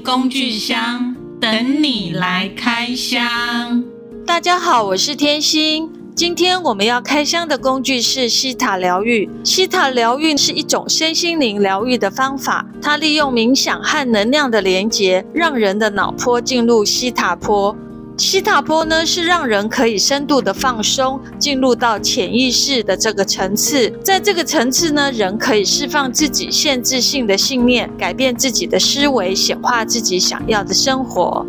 工具箱等你來開箱。大家好，我是天心。今天我們要開箱的工具是希塔療癒。希塔療癒是一種身心靈療癒的方法，它利用冥想和能量的連接，讓人的腦波進入希塔波。希塔波呢，是讓人可以深度的放鬆，進入到潛意識的這個層次。在這個層次呢，人可以釋放自己限制性的信念，改變自己的思維，顯化自己想要的生活。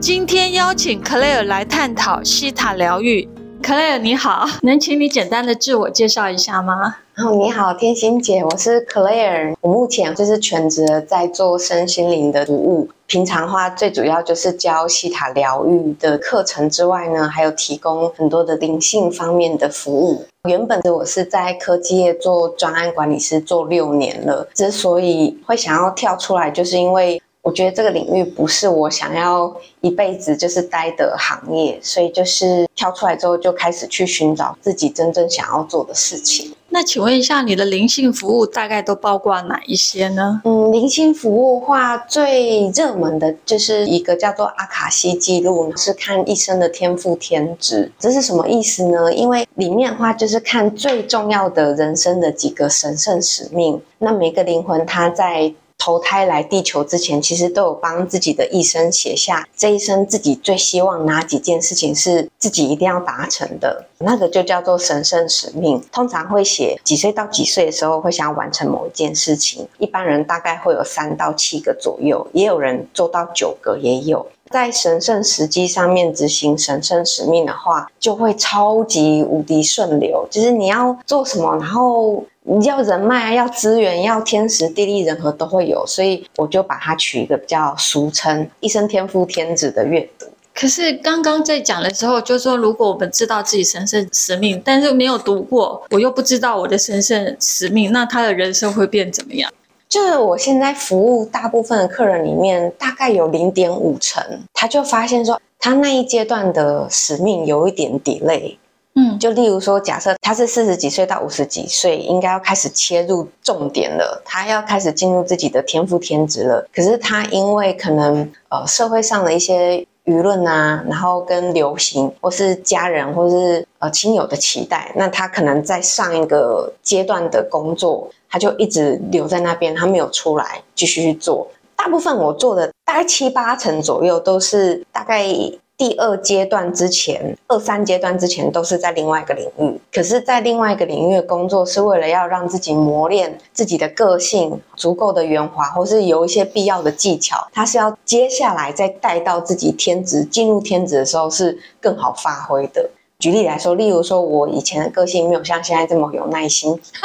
今天邀請 Clare 來探討希塔療癒。Claire，你好，能請你簡單的自我介紹一下嗎？哦，oh, 你好，天心姐，我是 Claire，我目前就是全職在做身心靈的服務。平常的話，最主要就是教希塔療癒的課程之外呢，還有提供很多的靈性方面的服務。原本的我是在科技業做專案管理師做六年了，之所以會想要跳出來，就是因為，我覺得這個領域不是我想要一輩子就是待的行業，所以就是跳出來之後就開始去尋找自己真正想要做的事情。那請問一下，你的靈性服務大概都包括哪一些呢？嗯，靈性服務的話最熱門的就是一個叫做阿卡西記錄，是看一生的天賦天職。這是什麼意思呢？因為裡面的話就是看最重要的人生的幾個神聖使命。那每個靈魂它在。投胎來地球之前，其實都有幫自己的一生寫下這一生自己最希望哪幾件事情是自己一定要達成的，那個就叫做神聖使命。通常會寫幾歲到幾歲的時候會想要完成某一件事情，一般人大概會有三到七個左右，也有人做到九個也有。在神聖時機上面執行神聖使命的話，就會超級無敵順流，就是你要做什麼，然後。你要人脈，要資源，要天時地利人和都會有，所以我就把它取一個比較俗稱“一生天父天子”的閱讀。可是剛剛在講的時候，就說如果我們知道自己神聖使命，但是沒有讀過，我又不知道我的神聖使命，那他的人生會變怎麼樣？就是我現在服務大部分的客人裡面，大概有零點五成，他就發現說他那一階段的使命有一點 delay。嗯，就例如說，假設他是四十幾歲到五十幾歲，應該要開始切入重點了，他要開始進入自己的天賦天職了。可是他因為可能呃社會上的一些輿論啊，然後跟流行，或是家人或是呃親友的期待，那他可能在上一個階段的工作，他就一直留在那邊，他沒有出來繼續去做。大部分我做的大概七八成左右都是大概。第二階段之前，二三階段之前都是在另外一個領域。可是，在另外一個領域的工作，是為了要讓自己磨練自己的個性，足夠的圓滑，或是有一些必要的技巧。它是要接下來再帶到自己天職，進入天職的時候是更好發揮的。舉例來說，例如說我以前的個性沒有像現在這麼有耐心，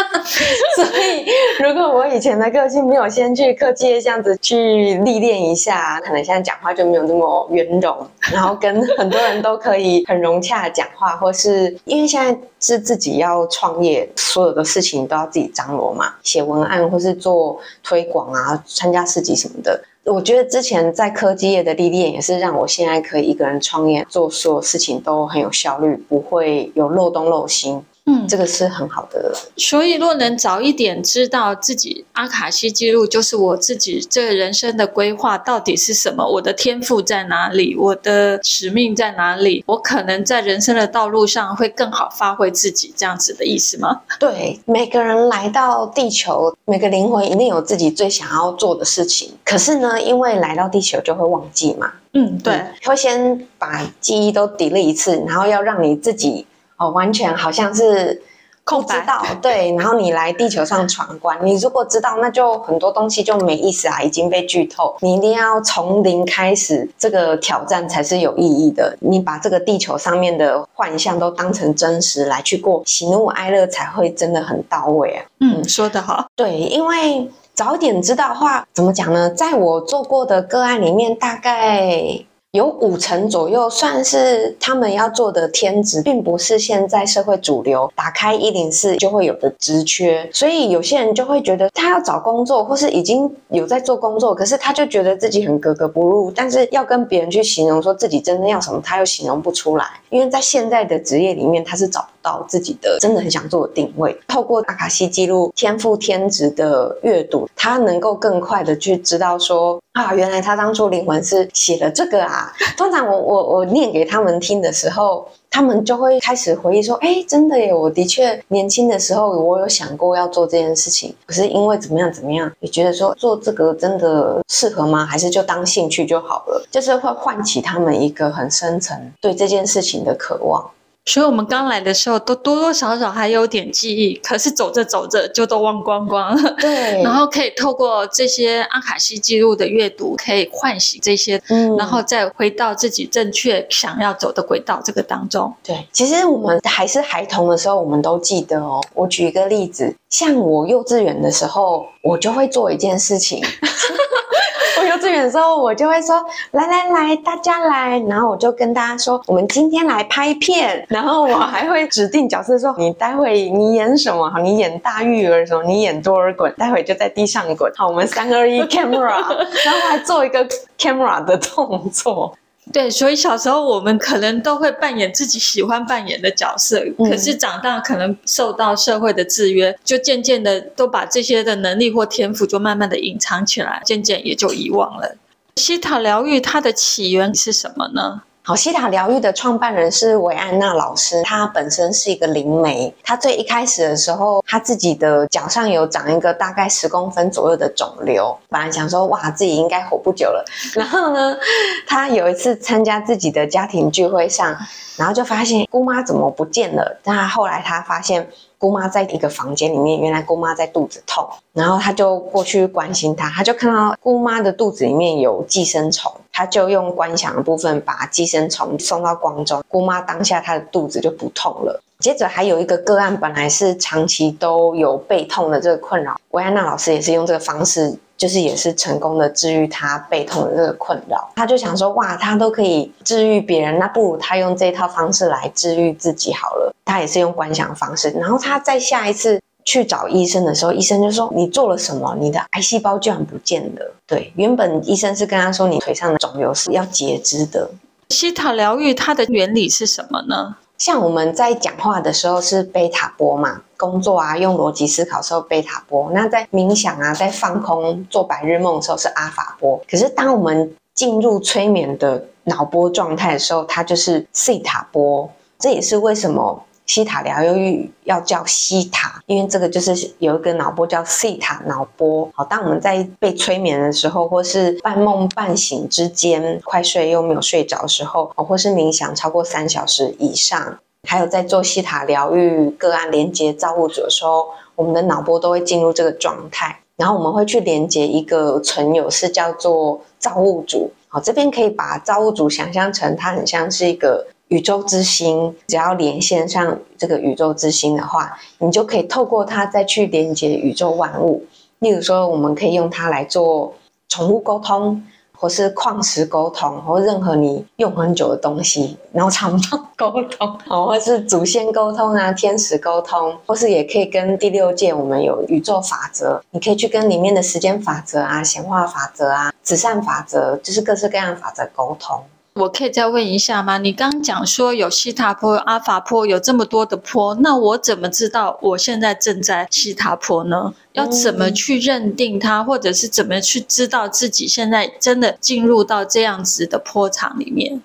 所以如果我以前的個性沒有先去刻意這樣子去歷練一下，可能現在講話就沒有這麼圓融，然後跟很多人都可以很融洽的講話，或是因為現在是自己要創業，所有的事情都要自己張羅嘛，寫文案或是做推廣啊，參加市集什麼的。我覺得之前在科技業的歷練，也是讓我現在可以一個人創業，做所有事情都很有效率，不會有漏東漏西。嗯，這個是很好的。所以，若能早一點知道自己阿卡西記錄，就是我自己這人生的規劃到底是什麼？我的天賦在哪裡？我的使命在哪裡？我可能在人生的道路上會更好發揮自己，這樣子的意思嗎？對，每個人來到地球，每個靈魂一定有自己最想要做的事情。可是呢，因為來到地球就會忘記嘛。嗯，對，會先把記憶都抵了一次，然後要讓你自己。哦，完全好像是控制到。白對。然後你來地球上闖關， 你如果知道，那就很多東西就沒意思啊，已經被劇透。你一定要從零開始，這個挑戰才是有意義的。你把這個地球上面的幻象都當成真實來去過，喜怒哀樂才會真的很到位啊。嗯，嗯，說得好，對，因為早點知道的話，怎麼講呢？在我做過的個案裡面，大概。有五成左右算是他們要做的天職，並不是現在社會主流打開一零四就會有的職缺，所以有些人就會覺得他要找工作，或是已經有在做工作，可是他就覺得自己很格格不入。但是要跟別人去形容說自己真正要什麼，他又形容不出來，因為在現在的職業裡面，他是找不到自己的真的很想做的定位。透過阿卡西記錄天賦天職的閱讀，他能夠更快的去知道說啊，原來他當初靈魂是寫了這個啊。通常我我我念給他們聽的時候，他們就會開始回憶說：“哎，真的耶！我的確年輕的時候，我有想過要做這件事情，可是因為怎麼樣怎麼樣，你覺得說做這個真的適合嗎？還是就當興趣就好了？就是會喚起他們一個很深層對這件事情的渴望。”所以我們剛來的時候都多多少少還有點記憶，可是走着走着就都忘光光了。對，然後可以透過這些阿卡西記錄的閱讀，可以喚醒這些，嗯，然後再回到自己正確想要走的軌道這個當中。對，其實我們還是孩童的時候，我們都記得哦。我舉一個例子。像我幼稚園的時候，我就會做一件事情。 我幼稚園的時候，我就會說：“來來來，大家來！”然後我就跟大家說：“我們今天來拍片。”然後我還會指定角色，說：“ 你待會你演什麼？好，你演大玉兒什麼？你演多爾袞，待會就在地上滾。”好，我們三二一，camera， 然後還做一個 camera 的動作。對，所以小時候我們可能都會扮演自己喜歡扮演的角色，嗯、可是長大可能受到社會的制約，就漸漸的都把這些的能力或天賦就慢慢的隱藏起來，漸漸也就遺忘了。西塔療癒它的起源是什麼呢？好，希塔療癒的創辦人是維安娜老師，她本身是一個靈媒。她最一開始的時候，她自己的腳上有長一個大概十公分左右的腫瘤，本來想說哇，自己應該活不久了。然後呢，她有一次參加自己的家庭聚會上，然後就發現姑媽怎麼不見了。但後來她發現。姑媽在一個房間裡面，原來姑媽在肚子痛，然後她就過去關心她，她就看到姑媽的肚子裡面有寄生蟲，她就用觀想的部分把寄生蟲送到光中，姑媽當下她的肚子就不痛了。接着還有一個個案，本來是長期都有背痛的這個困擾，維安娜老師也是用這個方式。就是也是成功的治癒他背痛的這個困擾，他就想說，哇，他都可以治癒別人，那不如他用這一套方式來治癒自己好了。他也是用觀想方式，然後他在下一次去找醫生的時候，醫生就說，你做了什麼？你的癌細胞居然不見了。對，原本醫生是跟他說，你腿上的腫瘤是要截肢的。希塔療癒它的原理是什麼呢？像我們在講話的時候是貝塔波嘛，工作啊，用邏輯思考的時候貝塔波，那在冥想啊，在放空、做白日夢的時候是阿法波，可是當我們進入催眠的腦波狀態的時候，它就是希塔波，這也是為什麼。希塔療癒要叫希塔，因為這個就是有一個腦波叫希塔腦波。好，當我們在被催眠的時候，或是半夢半醒之間，快睡又沒有睡着的時候，或是冥想超過三小時以上，還有在做希塔療癒個案連接造物主的時候，我們的腦波都會進入這個狀態。然後我們會去連接一個存有，是叫做造物主。好，這邊可以把造物主想象成它很像是一個。宇宙之心，只要連線上這個宇宙之心的話，你就可以透過它再去連接宇宙萬物。例如說，我們可以用它來做寵物溝通，或是礦石溝通，或是任何你用很久的東西，然後長溝通溝通，哦，或是祖先溝通啊，天使溝通，或是也可以跟第六界我們有宇宙法則，你可以去跟裡面的時間法則啊、顯化法則啊、慈善法則，就是各式各樣的法則溝通。我可以再問一下嗎？你剛剛講說有希塔波、阿法波，有這麼多的波。那我怎麼知道我現在正在希塔波呢？要怎麼去認定它，或者是怎麼去知道自己現在真的進入到這樣子的波場裡面？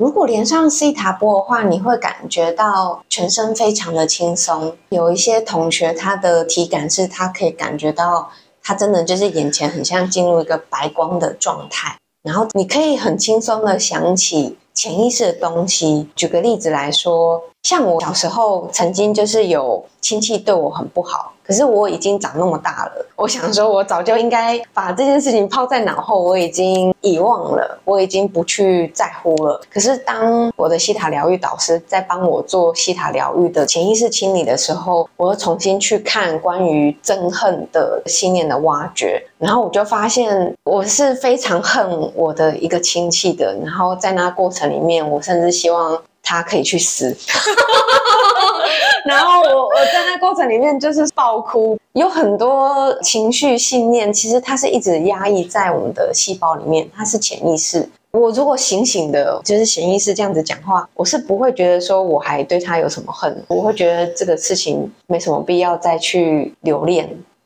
如果連上希塔波的話，你會感覺到全身非常的輕鬆。有一些同學，他的體感是他可以感覺到，他真的就是眼前很像進入一個白光的狀態。然後你可以很輕鬆的想起潛意識的東西，舉個例子來說。像我小時候曾經就是有親戚對我很不好，可是我已經長那麼大了。我想說，我早就應該把這件事情拋在腦後，我已經遺忘了，我已經不去在乎了。可是當我的希塔療癒導師在幫我做希塔療癒的潛意識清理的時候，我又重新去看關於憎恨的信念的挖掘，然後我就發現我是非常恨我的一個親戚的。然後在那過程裡面，我甚至希望，他可以去死。 然後我我在那過程裡面就是爆哭，有很多情緒信念，其實他是一直壓抑在我們的細胞裡面，它是潛意識。我如果醒醒的，就是潛意識這樣子講話，我是不會覺得說我還對他有什麼恨，我會覺得這個事情沒什麼必要再去留戀。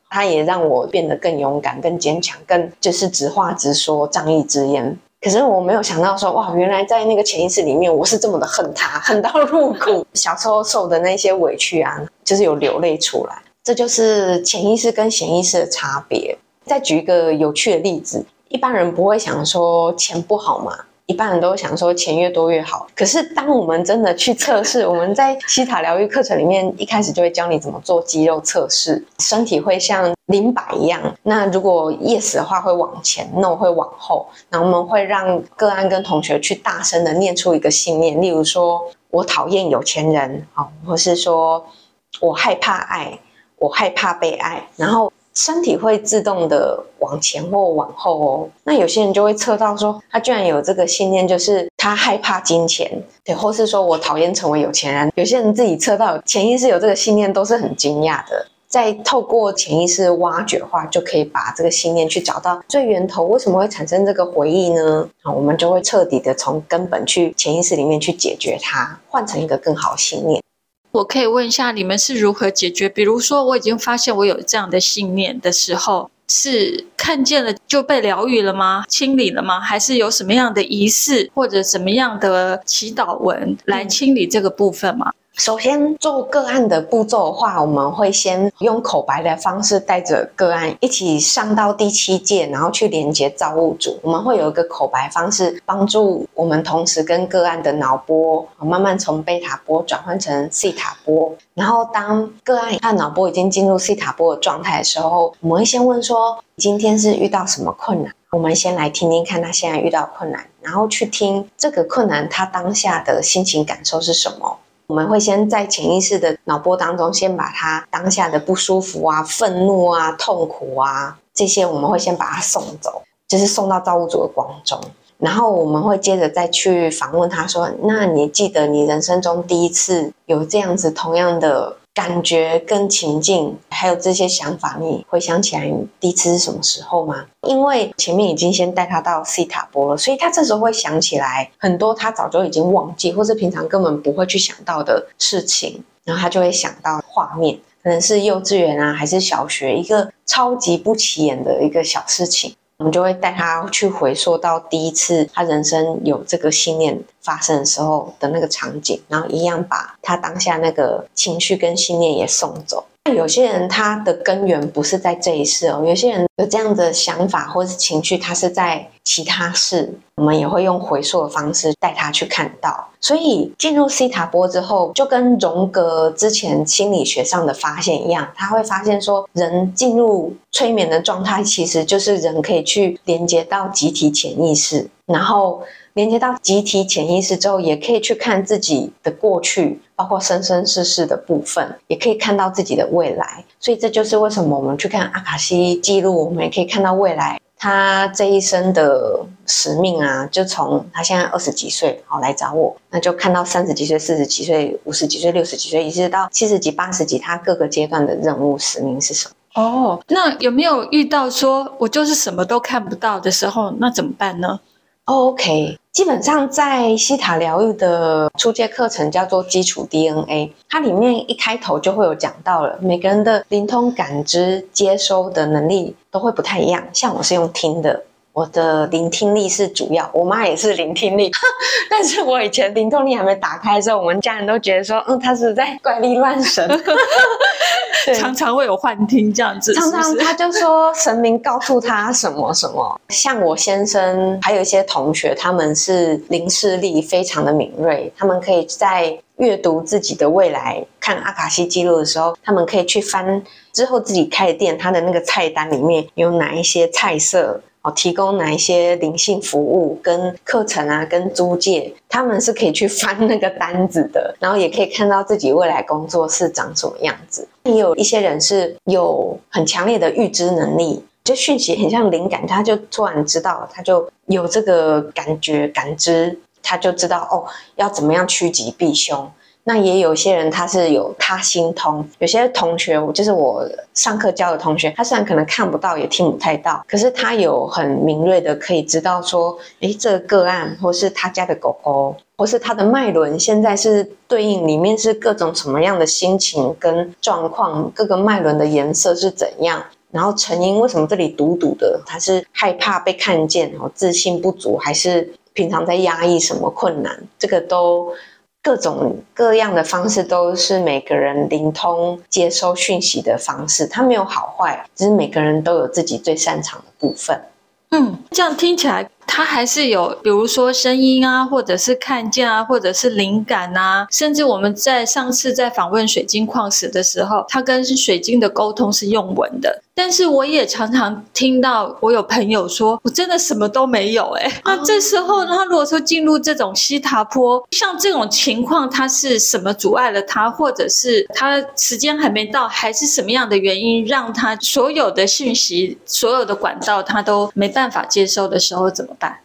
他也讓我變得更勇敢、更堅強、更就是直話直說、仗義執言。可是我沒有想到說，哇，原來在那個潛意識裡面，我是這麼的恨他，恨到入骨。小時候受的那些委屈啊，就是有流淚出來。這就是潛意識跟顯意識的差別。再舉一個有趣的例子，一般人不會想說錢不好嘛？一般人都想說錢越多越好，可是當我們真的去測試，我們在希塔療癒課程裡面一開始就會教你怎麼做肌肉測試，身體會像靈擺一樣。那如果 yes 的話會往前，no 會往後。然後我們會讓個案跟同學去大聲的念出一個信念，例如說我討厭有錢人啊，或是說我害怕愛，我害怕被愛，然後。身體會自動的往前或往後哦，那有些人就會測到說，他居然有這個信念，就是他害怕金錢，對，或是說我討厭成為有錢人。有些人自己測到潛意識有這個信念，都是很驚訝的。再透過潛意識挖掘的話，就可以把這個信念去找到最源頭，為什麼會產生這個回憶呢？啊，我們就會徹底的從根本去潛意識裡面去解決它，換成一個更好的信念。我可以問一下，你們是如何解決？比如說，我已經發現我有這樣的信念的時候，是看見了就被療癒了嗎？清理了嗎？還是有什麼樣的儀式或者什麼樣的祈禱文來清理這個部分嗎？嗯首先做個案的步驟的話，我們會先用口白的方式帶着個案一起上到第七界，然後去連接造物主。我們會有一個口白方式，幫助我們同時跟個案的腦波慢慢從貝塔波轉換成西塔波。然後，當個案他腦波已經進入西塔波的狀態的時候，我們會先問說：“今天是遇到什麼困難？”我們先來聽聽看他現在遇到困難，然後去聽這個困難他當下的心情感受是什麼。我們會先在潛意識的腦波當中，先把他當下的不舒服啊、憤怒啊、痛苦啊這些，我們會先把他送走，就是送到造物主的光中。然後我們會接着再去訪問他，說：“那你記得你人生中第一次有這樣子同樣的？”感覺跟情境，還有這些想法，你回想起來你第一次是什麼時候嗎？因為前面已經先帶他到西塔波了，所以他這時候會想起來很多他早就已經忘記，或是平常根本不會去想到的事情，然後他就會想到畫面，可能是幼稚園啊，還是小學一個超級不起眼的一個小事情。我們就會帶他去回溯到第一次他人生有這個信念發生的時候的那個場景，然後一樣把他當下那個情緒跟信念也送走。有些人他的根源不是在這一世哦，有些人有這樣的想法或是情緒，他是在其他事。我們也會用回溯的方式帶他去看到。所以進入西塔波之後，就跟榮格之前心理學上的發現一樣，他會發現說，人進入催眠的狀態，其實就是人可以去連接到集體潛意識，然後連接到集體潛意識之後，也可以去看自己的過去。包括生生世世的部分，也可以看到自己的未來，所以這就是為什麼我們去看阿卡西記錄，我們也可以看到未來他這一生的使命啊，就從他現在二十幾歲好來找我，那就看到三十幾歲、四十幾歲、五十幾歲、六十幾歲一直到七十幾、八十幾，他各個階段的任務使命是什麼？哦，oh, 那有沒有遇到說我就是什麼都看不到的時候，那怎麼辦呢？哦，OK。基本上，在希塔療癒的初階課程叫做基礎 DNA，它裡面一開頭就會有講到了，每個人的靈通感知接收的能力都會不太一樣，像我是用聽的。我的靈聽力是主要，我媽也是靈聽力，但是我以前靈聽力還沒打開的時候，我們家人都覺得說，嗯，他是不是在怪力亂神， 對常常會有幻聽這樣子是不是？常常他就說神明告訴他什麼什麼。像我先生，還有一些同學，他們是靈視力非常的敏銳，他們可以在閱讀自己的未來看阿卡西記錄的時候，他們可以去翻之後自己開的店，他的那個菜單裡面有哪一些菜色。提供哪一些靈性服務跟課程啊，跟租借，他們是可以去翻那個單子的，然後也可以看到自己未來工作是長什麼樣子。也有一些人是有很強烈的預知能力，就訊息很像靈感，他就突然知道，他就有這個感覺感知，他就知道哦，要怎麼樣趨吉避凶。那也有些人他是有他心通，有些同學我就是我上課教的同學，他雖然可能看不到也聽不太到，可是他有很敏銳的可以知道說，欸，這個個案或是他家的狗狗或是他的脈輪現在是對應裡面是各種什麼樣的心情跟狀況，各個脈輪的顏色是怎樣，然後成因為什麼這裡堵堵的，他是害怕被看見，然後自信不足，還是平常在壓抑什麼困難，這個都。各種各樣的方式都是每個人靈通接收訊息的方式，它沒有好壞，只是每個人都有自己最擅長的部分。嗯，這樣聽起來，它還是有，比如說聲音啊，或者是看見啊，或者是靈感啊，甚至我們在上次在訪問水晶礦石的時候，它跟水晶的溝通是用文的。但是我也常常聽到我有朋友說，我真的什麼都沒有哎、欸。那這時候，他如果說進入這種希塔波，像這種情況，它是什麼阻礙了他，或者是他時間還沒到，還是什麼樣的原因讓他所有的信息、所有的管道他都沒辦法接收的時候怎麼辦？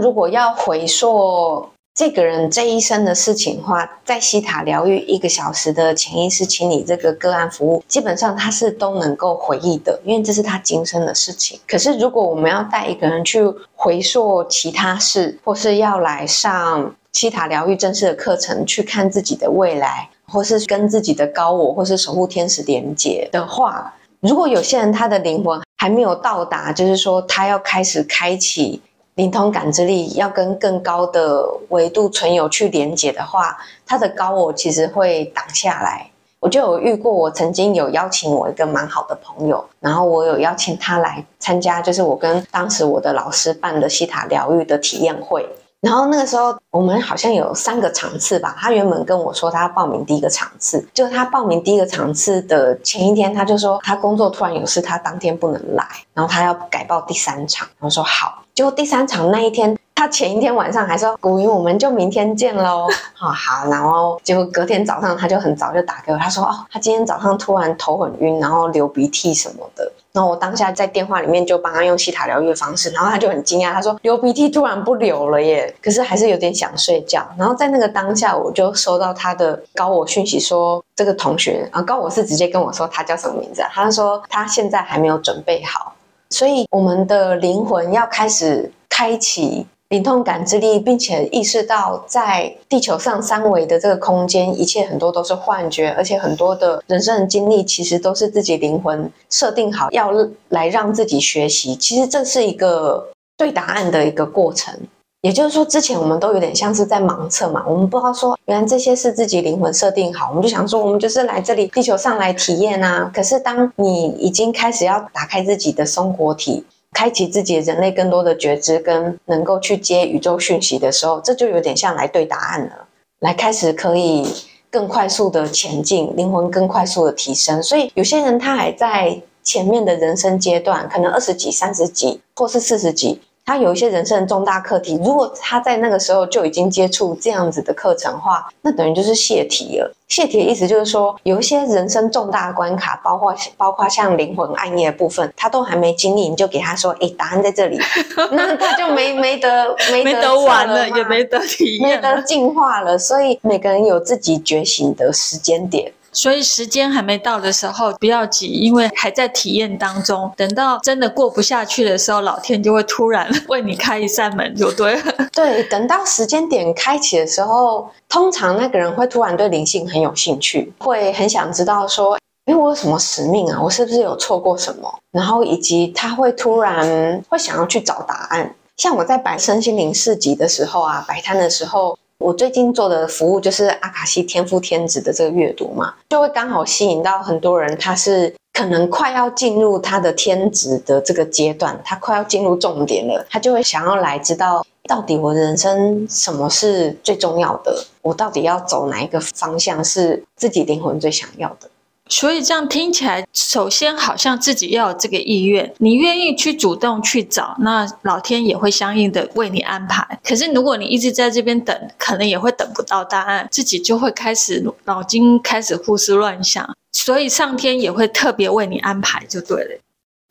如果要回溯，這個人這一生的事情的話，話在希塔療癒一個小時的潛意識清理這個個案服務，基本上他是都能夠回憶的，因為這是他今生的事情。可是，如果我們要帶一個人去回溯其他事，或是要來上希塔療癒正式的課程，去看自己的未來，或是跟自己的高我，或是守護天使連結的話，如果有些人他的靈魂還沒有到達，就是說他要開始開啟。靈通感知力要跟更高的維度存有去連接的話，它的高我其實會擋下來。我就有遇過，我曾經有邀請我一個蠻好的朋友，然後我有邀請他來參加，就是我跟當時我的老師辦的希塔療癒的體驗會。然後那個時候我們好像有三個場次吧。他原本跟我說他要報名第一個場次，就他報名第一個場次的前一天，他就說他工作突然有事，他當天不能來，然後他要改報第三場，我說好。就第三場那一天，他前一天晚上還說：“古云，我們就明天見嘍。”啊、 哦，好，然後結果隔天早上他就很早就打給我，他說：“哦，他今天早上突然頭很暈，然後流鼻涕什麼的。”然後我當下在電話裡面就幫他用希塔療癒的方式，然後他就很驚訝，他說：“流鼻涕突然不流了耶，可是還是有點想睡覺。”然後在那個當下，我就收到他的高我訊息說，說這個同學啊，高我是直接跟我說他叫什麼名字、啊，他說他現在還沒有準備好。所以，我們的靈魂要開始開啟靈通感知力，並且意識到在地球上三維的這個空間，一切很多都是幻覺，而且很多的人生的經歷，其實都是自己靈魂設定好要來讓自己學習。其實，這是一個對答案的一個過程。也就是說，之前我們都有點像是在盲測嘛，我們不知道說原來這些是自己靈魂設定好，我們就想說我們就是來這裡地球上來體驗啊。可是當你已經開始要打開自己的松果體，開啟自己人類更多的覺知，跟能夠去接宇宙訊息的時候，這就有點像來對答案了，來開始可以更快速的前進，靈魂更快速的提升。所以有些人他還在前面的人生階段，可能二十幾、三十幾，或是四十幾。他有一些人生重大課題，如果他在那個時候就已經接觸這樣子的課程的話，那等於就是洩題了。洩題的意思就是說，有一些人生重大關卡，包括包括像靈魂暗夜的部分，他都還沒經歷，你就給他說，誒、欸，答案在這裡， 那他就沒沒得沒沒得玩了，沒了也沒得體驗，沒得進化了。所以每個人有自己覺醒的時間點。所以時間還沒到的時候，不要急，因為還在體驗當中。等到真的過不下去的時候，老天就會突然為你開一扇門，就對了。 對，等到時間點開啟的時候，通常那個人會突然對靈性很有興趣，會很想知道說：“哎、欸，我有什麼使命啊？我是不是有錯過什麼？”然後以及他會突然會想要去找答案。像我在擺身心靈市集的時候啊，擺攤的時候。我最近做的服務就是阿卡西天賦天職的這個閱讀嘛，就會剛好吸引到很多人，他是可能快要進入他的天職的這個階段，他快要進入重點了，他就會想要來知道到底我的人生什麼是最重要的，我到底要走哪一個方向是自己靈魂最想要的。所以這樣聽起來，首先好像自己要有這個意願，你願意去主動去找，那老天也會相應的為你安排。可是如果你一直在這邊等，可能也會等不到答案，自己就會開始腦筋開始胡思亂想，所以上天也會特別為你安排就對了。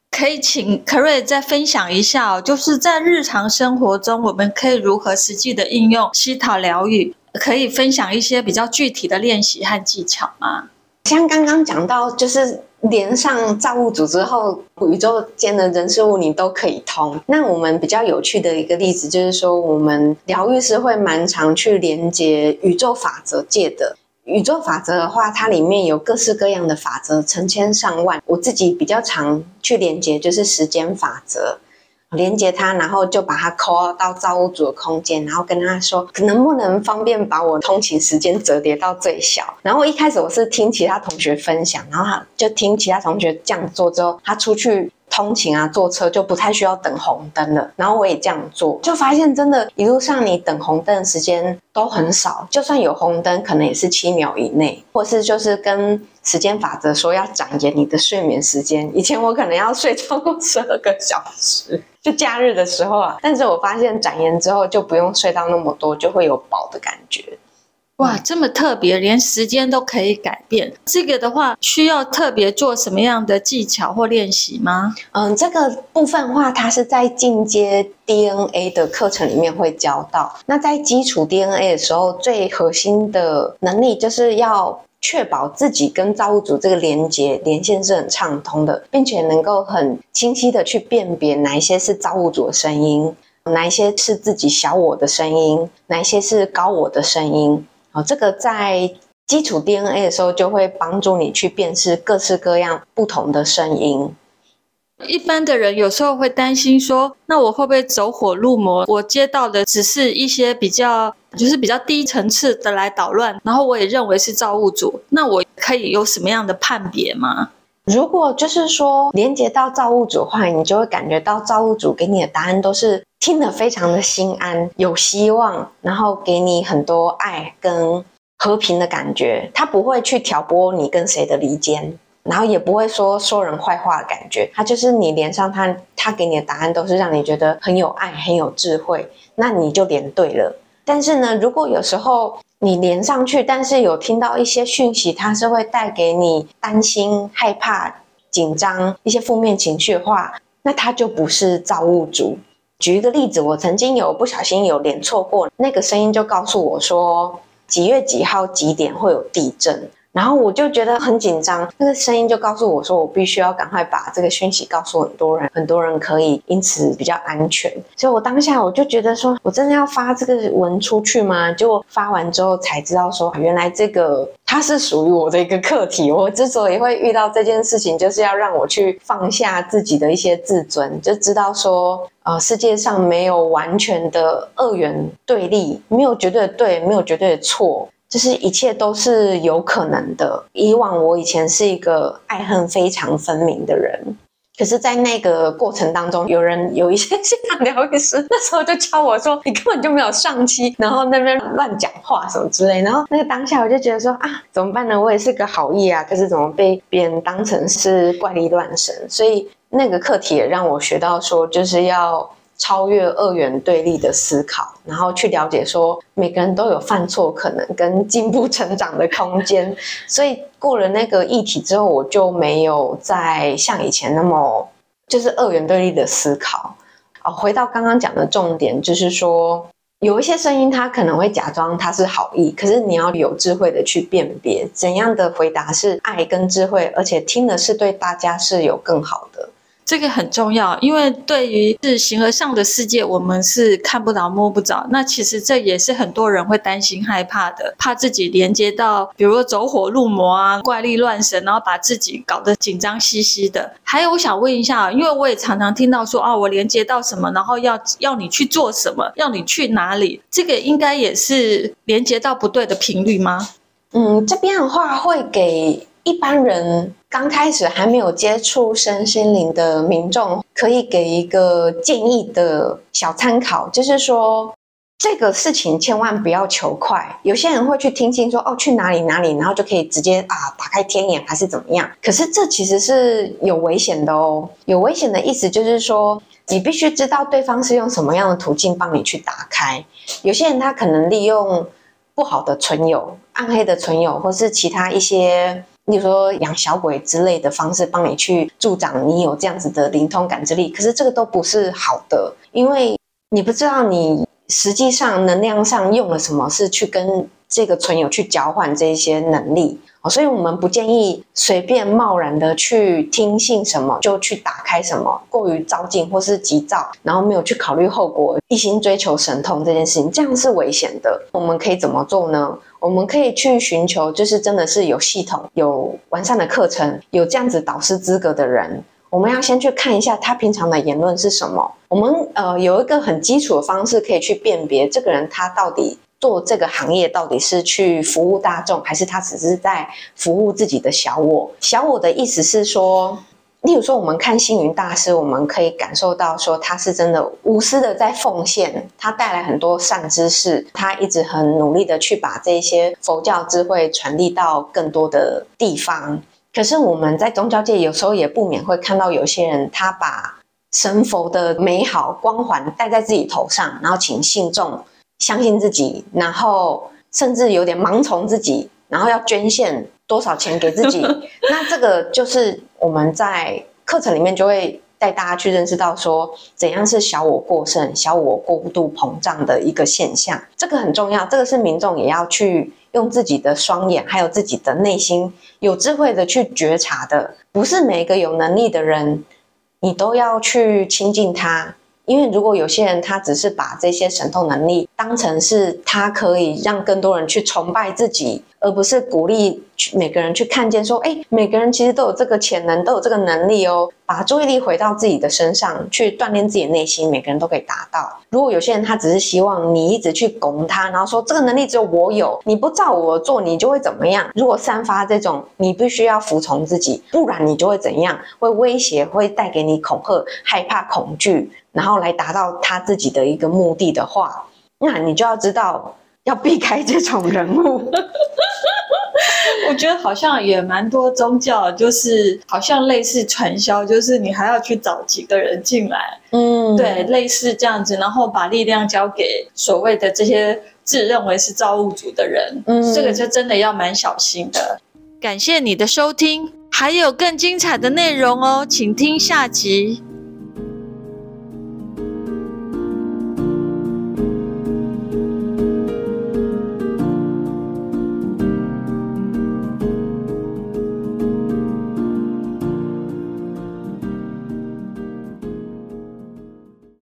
可以請 Carrie 再分享一下，哦、就是在日常生活中，我們可以如何實際的應用希塔療癒？可以分享一些比較具體的練習和技巧嗎？像剛剛講到，就是連上造物主之後，宇宙間的人事物你都可以通。那我們比較有趣的一個例子，就是說我們療癒師會蠻常去連接宇宙法則界的。宇宙法則的話，它裡面有各式各樣的法則，成千上萬。我自己比較常去連接，就是時間法則。連接它，然後就把它 call 到造物主的空間，然後跟他說，能不能方便把我通勤時間折疊到最小？然後一開始我是聽其他同學分享，然後他就聽其他同學這樣做之後，他出去。通勤啊，坐車就不太需要等紅燈了。然後我也這樣做，就發現真的，一路上你等紅燈的時間都很少。就算有紅燈，可能也是七秒以內，或是就是跟時間法則說要展延你的睡眠時間。以前我可能要睡超過十二個小時，就假日的時候啊。但是我發現展延之後，就不用睡到那麼多，就會有飽的感覺。哇，這麼特別，連時間都可以改變。這個的話，需要特別做什麼樣的技巧或練習嗎？嗯，這個部分的話，它是在進階 DNA 的課程裡面會教到。那在基礎 DNA 的時候，最核心的能力就是要確保自己跟造物主這個連接連線是很暢通的，並且能夠很清晰地去辨別哪一些是造物主的聲音，哪一些是自己小我的聲音，哪一些是高我的聲音。哦，這個在基礎 DNA 的時候就會幫助你去辨識各式各樣不同的聲音。一般的人有時候會擔心說，那我會不會走火入魔？我接到的只是一些比較，就是比較低層次的來搗亂，然後我也認為是造物主。那我可以有什麼樣的判別嗎？如果就是說連接到造物主的話，你就會感覺到造物主給你的答案都是。聽得非常的心安，有希望，然後給你很多愛跟和平的感覺。他不會去挑撥你跟誰的離間，然後也不會說說人壞話的感覺。他就是你連上他，他給你的答案都是讓你覺得很有愛、很有智慧，那你就連對了。但是呢，如果有時候你連上去，但是有聽到一些訊息，它是會帶給你擔心、害怕、緊張一些負面情緒的話，那他就不是造物主。舉一個例子，我曾經有不小心有連錯過，那個聲音就告訴我說，幾月幾號幾點會有地震。然後我就覺得很緊張，那個聲音就告訴我說，我必須要趕快把這個訊息告訴很多人，很多人可以因此比較安全。所以我當下我就覺得說，我真的要發這個文出去嗎？結果發完之後才知道說，原來這個它是屬於我的一個課題。我之所以會遇到這件事情，就是要讓我去放下自己的一些自尊，就知道說，呃，世界上沒有完全的二元對立，沒有絕對的對，沒有絕對的錯。就是一切都是有可能的。以往我以前是一個愛恨非常分明的人，可是，在那個過程當中，有人有一些療癒師，那時候就教我說，你根本就沒有上期，然後那邊亂講話什麼之類的。然後那個當下我就覺得說啊，怎麼辦呢？我也是個好意啊，可是怎麼被別人當成是怪力亂神？所以那個課題也讓我學到說，就是要。超越二元對立的思考，然後去了解說每個人都有犯錯可能跟進步成長的空間。所以過了那個議題之後，我就沒有再像以前那麼就是二元對立的思考。哦，回到剛剛講的重點，就是說有一些聲音它可能會假裝它是好意，可是你要有智慧的去辨別怎樣的回答是愛跟智慧，而且聽的是對大家是有更好的。這個很重要，因為對於是形而上的世界，我們是看不到、摸不着。那其實這也是很多人會擔心、害怕的，怕自己連接到，比如說走火入魔啊、怪力亂神，然後把自己搞得緊張兮兮的。還有，我想問一下，因為我也常常聽到說啊，我連接到什麼，然後要要你去做什麼，要你去哪裡，這個應該也是連接到不對的頻率嗎？嗯，這邊的話會給一般人。剛開始還沒有接觸身心靈的民眾，可以給一個建議的小參考，就是說這個事情千萬不要求快。有些人會去聽信說哦去哪裡哪裡，然後就可以直接啊打開天眼還是怎麼樣。可是這其實是有危險的哦。有危險的意思就是說你必須知道對方是用什麼樣的途徑幫你去打開。有些人他可能利用不好的存有、暗黑的存有，或是其他一些。例如說養小鬼之類的方式，幫你去助長你有這樣子的靈通感知力，可是這個都不是好的，因為你不知道你實際上能量上用了什麼，是去跟這個存有去交換這些能力。所以，我們不建議隨便冒然的去聽信什麼，就去打開什麼，過於照鏡或是急躁，然後沒有去考慮後果，一心追求神通這件事情，這樣是危險的。我們可以怎麼做呢？我們可以去尋求，就是真的是有系統、有完善的課程、有這樣子導師資格的人。我們要先去看一下他平常的言論是什麼。我們呃有一個很基礎的方式可以去辨別這個人他到底。做這個行業到底是去服務大眾，還是他只是在服務自己的小我？小我的意思是說，例如說我們看星雲大師，我們可以感受到說他是真的無私的在奉獻，他帶來很多善知識，他一直很努力的去把這些佛教智慧傳遞到更多的地方。可是我們在宗教界有時候也不免會看到有些人，他把神佛的美好光環戴在自己頭上，然後請信眾。相信自己，然後甚至有點盲從自己，然後要捐獻多少錢給自己。那這個就是我們在課程裡面就會帶大家去認識到說，說怎樣是小我過剩、小我過度膨脹的一個現象。這個很重要，這個是民眾也要去用自己的雙眼，還有自己的內心有智慧的去覺察的。不是每一個有能力的人，你都要去親近他。因為如果有些人他只是把這些神通能力當成是他可以讓更多人去崇拜自己，而不是鼓勵去每個人去看見說，哎，每個人其實都有這個潛能，都有這個能力哦。把注意力回到自己的身上，去鍛鍊自己的內心，每個人都可以達到。如果有些人他只是希望你一直去拱他，然後說，這個能力只有我有，你不照我做你就會怎麼樣？如果散發這種你必須要服從自己，不然你就會怎樣？會威脅，會帶給你恐嚇、害怕、恐懼。然後來達到他自己的一個目的的話，那你就要知道要避開這種人物。 我覺得好像也蠻多宗教，就是好像類似傳銷，就是你還要去找幾個人進來，嗯，對，類似這樣子，然後把力量交給所謂的這些自認為是造物主的人，嗯，這個就真的要蠻小心的。感謝你的收聽，還有更精彩的內容哦，請聽下集。